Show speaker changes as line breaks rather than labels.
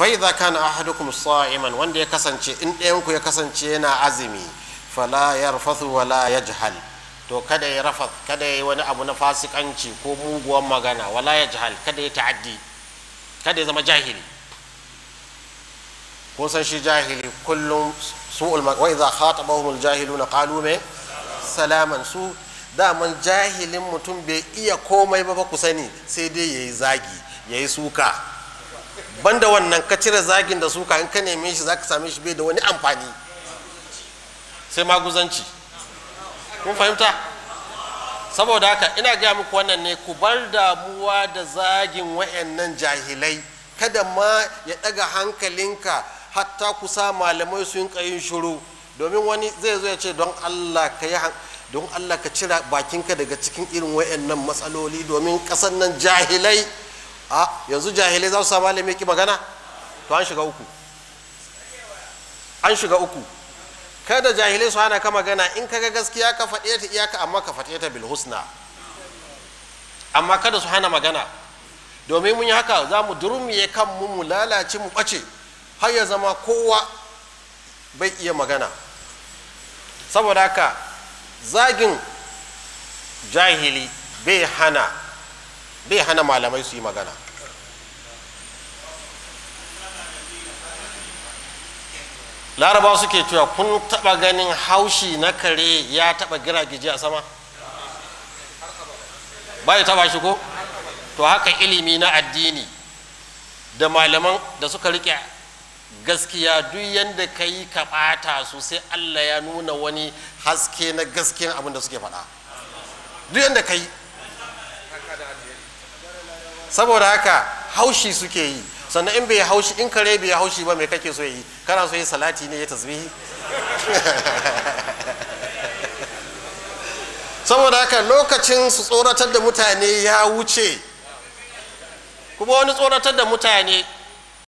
fa idza kana ahadukum sa'iman wanda ya kasance in ɗayan ya kasance yana azumi fala yarfathu wala to kada ya rafas kada ya yi wani abu na fasikanci ko muguwan magana wala yajhal kada ya ta'addi kada ya zama jahili kun san shi jahili kullum su'ul wa idza khatabahumul jahiluna qalu me salaman su daman jahilin mutum bai iya komai ba ba ku sani sai dai yayi zagi yayi suka banda wannan ka cire zagin da suka in ka neme shi za ka same shi bai da wani amfani sai maguzanci kun fahimta saboda haka ina gaya muku wannan ne ku bar damuwa da zagin wayannan jahilai kada ma ya ɗaga hankalinka hatta kusa malamai su yin shuru domin wani zai zo ya ce don allah ka yi don allah ka cira bakinka daga cikin irin wayannan matsaloli domin ƙasar nan jahilai a yanzu jahilai za su sa malami ki magana to an shiga uku an shiga uku kada jahilai su hana ka magana in ka ga gaskiya ka faɗe ta iyaka amma ka faɗe ta bil husna amma kada su hana magana domin mun yi haka za mu durmiye kan mu mu lalace mu ɓace har ya zama kowa bai iya magana saboda haka zagin jahili bai hana bai hana malamai su yi magana laraba suke cewa kun taba ganin haushi na kare ya taba giragije a sama bai taba shi ko to haka ilimi na addini da malaman da suka rike gaskiya duk yadda ka yi ka ɓata su sai allah ya nuna wani haske na gaske abin da suke faɗa duk yadda ka yi saboda haka haushi suke yi sannan in bai haushi in kare bai haushi ba mai kake so yi kana so yi salati ne ya tasbihi saboda haka lokacin su tsoratar da mutane ya wuce kuma wani tsoratar da mutane